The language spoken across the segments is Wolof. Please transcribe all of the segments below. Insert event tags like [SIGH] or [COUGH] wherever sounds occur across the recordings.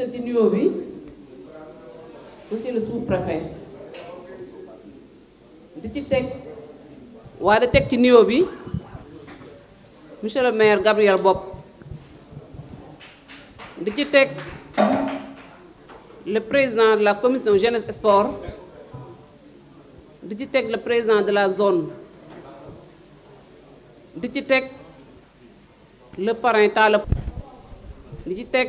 jiital ci bi monsieur le sous-préfet di ci tek wa di tek ci bi monsieur le maire Gabriel Bob. di ci tek le président de la commission jeunesse et sport di ci tek le président de la zone di ci tek le parrain Talla di ci tek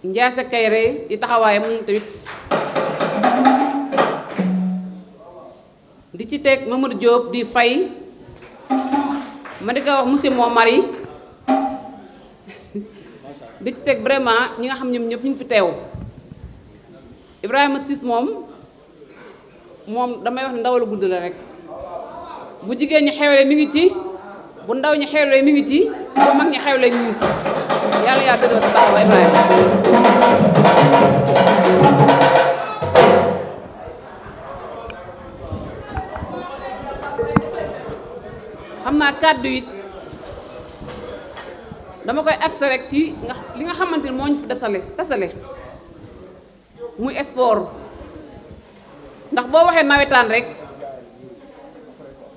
Ndiassa Kairé ci taxaway mu tamit di ci tek Mamadou Diop di fay ma di ko wax monsieur momari [LAUGHS] di ci tek vraiment ñi nga xam ñom ñep ñu fi tew Ibrahima Ciss mom mom damay wax ndawal gudd la rek bu jigeen ñi xewle mi ngi ci bu ndaw ñi xewle mi ngi ci bu mag ñi xewle mi ngi ci yàlla yaa dëgëral sa taxawaay Ibrahima. xam naa kàddu yi dama koy accès rek ci nga li nga xamante ni moo ñu fi desale tasale muy sport ndax boo waxee nawetaan rek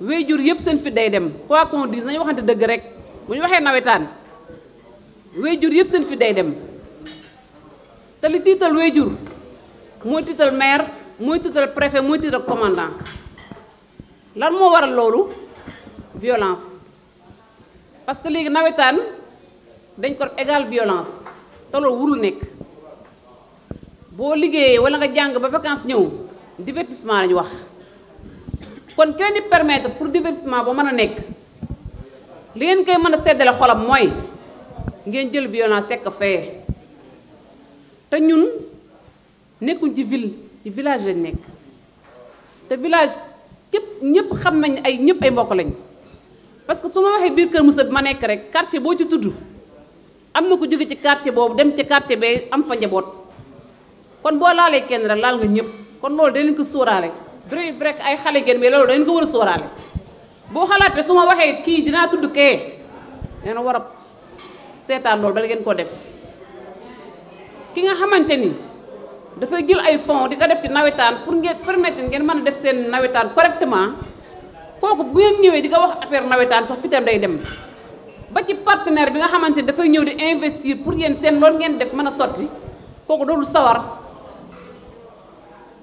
wéyjur yëpp seen fit day dem quoi qu'on dise nañu waxante dëgg rek bu ñu waxee nawetaan. wéyjur yëpp seen fi day dem te li tital wéyjur moy tital maire moy tital préfet moy tital commandant lan mo waral lolu violence parce que léegi nawetaan dañ ko égal violence te lolu wurul nek bo liggéeyee wala nga jang ba vacances ñew divertissement lañ wax kon kene leen permettre pour divertissement bo mën nek li ngeen kay mën sédélé xolam moy ngeen jël violence teg ko fee te ñun nekkuñ ci ville ci village lañ nekk te village képp ñëpp xam nañ ay ñëpp ay mbokk lañ parce que su ma waxee biir Kër mu bi ma nekk rek quartier boo ci tudd am na ko jóge ci quartier boobu dem ci quartier bee am fa njaboot kon boo laalee kenn rek laal nga ñëpp kon loolu dañ ko sóoraale vrai vrai ay xale ngeen mais loolu dañ ko war a sóoraale boo xalaatee su ma waxee kii dinaa tudd kee nee na seetaan loolu bala ngeen koo def ki nga xamanteni da fay jël ay fonds di ko def ci nawetaan pour ngeen permettre ngeen mëna def sen nawetaan correctement koku bu ngeen ñëwé di nga wax affaire nawetaan sax fitam day dem ba ci partenaire bi nga xamanteni da fay ñëw di investir pour ngeen sen lol ngeen def mëna a koku dootul sawar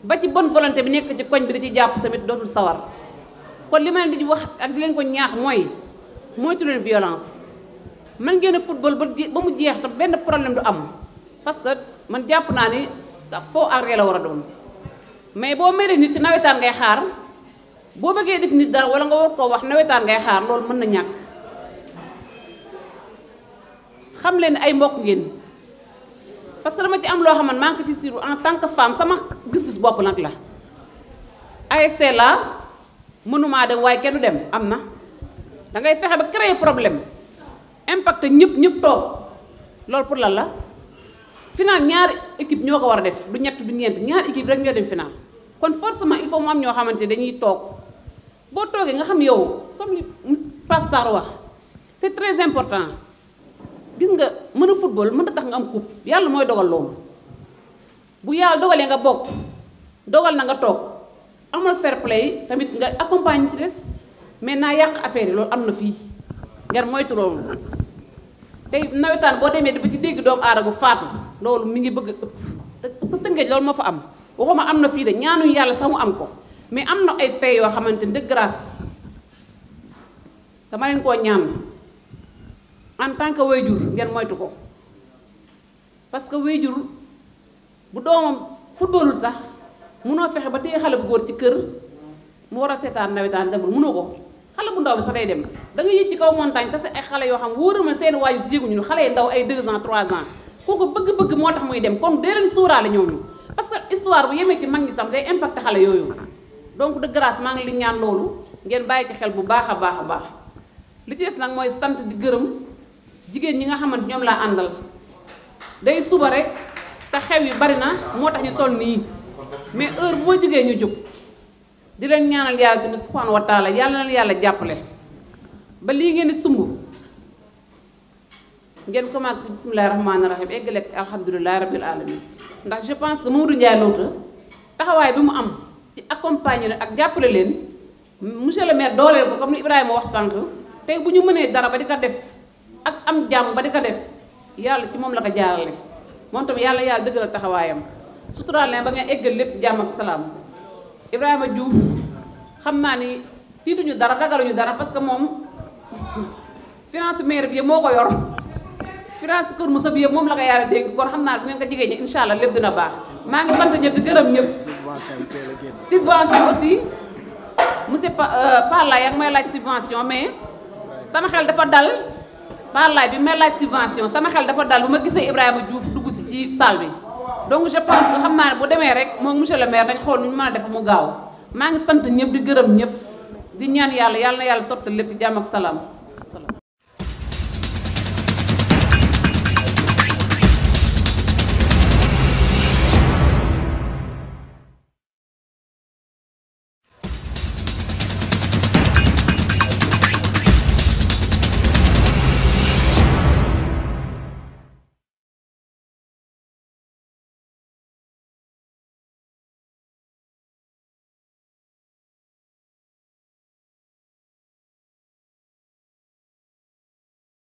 ba ci bonne volonté bi nek ci koñ bi di ci japp tamit dootul sawar kon li ma leen di wax ak di leen ko ñaax moy tu leen violence man ngeen football ba ba mu jeex ta benn problème du am parce que man japp na ni fo ak la war doon mais bo meree nit nawetan ngay xaar bo bëggee def nit dara wala nga war ko wax nawetan ngay xaar loolu mën na ñak xam leen ay mbokk ngeen parce que dama ci am loo xam ne maa ngi ci siiru en tant que femme sama gis-gis bopp nag la ASC la mënumaa dem waaye kenn dem am na da ngay fexe ba créer problème impacté ñëpp ñëpp toog loolu pour lan la final ñaar équipe ñoo ko war a def du ñett du ñeent ñaar équipe rek ñoo dem final kon forcément il faut mu am ñoo xamante dañuy toog boo toogee nga xam yow comme li Pape Sarr wax c' est très important gis nga mën a football mën a tax nga am coupe yàlla mooy dogal loolu bu yàlla dogalee nga bokk dogal na nga toog amal fair play tamit nga accompagne ci des mais naa yàq affaire yi loolu am na fii ngeen moytu loolu tey nawetaan boo demee ba ci dégg doomu aadama faatu loolu mi ngi bëgg a ëpp parce que Tëngéej loolu ma fa am waxuma am na fii de ñaanu yàlla sax mu am ko mais am na ay fee yoo xamante ni de grâce dama leen koo ñaan en tant que wayjur ngeen moytu ko parce que wayjur bu doomam footballul sax munoo fexe ba téye xale bu góor ci kër mu war a seetaan nawetaan demul munoo ko. ndaw bi sa day dem da nga yëg ci kaw montagne ta sa ay xalé yo xam wuruma seen waaju jigu ñu xalé ndaw ay 2 ans 3 ans kooku bëgg-bëgg motax muy dem kon de leen suuraale ñu parce que histoire bu yeme ci mag ñi sax day impacté xale yooyu donc de grâce ma ngi li ñaan lolu ngeen bàyyi ci xel bu baaxa baaxa baax li ci dess nak moy sante di gëreum jigéen ñi nga xamant ñom la andal day suba rek ta xew yu bari na motax ñu toll ni mais heure bu ma jógee ñu juk di leen ñaanal yàlla tamit subhanahu wa taala yàlla na yàlla jàppale ba lii ngeen di sumb ngeen commence si bisimilahi rahmaani rahim eggale ak alhamdulilahi rabil alamin ndax je pense que Mamadou Ndiaye Lota taxawaay bi mu am ci accompagner leen ak jàppale leen monsieur le maire dooleel ko comme ni Ibrahima wax sànq tey bu ñu mënee dara ba di ko def ak am jàmm ba di ko def yàlla ci moom la ko jaarale moom tam yàlla yàlla dëggal taxawaayam suturaal ba nga eggal lépp jàmm salaam. Ibrahima Diouf xam naa ni tiituñu dara dagaluñu dara parce que moom finance maire bi yëpp moo ko yor finance kër Moussa bi yëpp moom la ko yàlla dégg kon xam naa ngeen ko jigéen ñi incha allah lépp dina baax maa ngi sant ñëpp di gërëm ñëpp. subvention aussi monsieur euh, Palla yaa may laaj subvention mais sama xel dafa dal Palla bi may laaj subvention sama xel dafa dal bu ma gisee Ibrahima Diouf dugg si ci salle bi. donc je pense que xam naa ne bu demee rek moo monsieur le maire dañ xool nu ñu mën a def mu gaaw maa ngi sant ñëpp di gërëm ñëpp di ñaan yàlla yàlla na yàlla sotti lépp jàmm ak salaam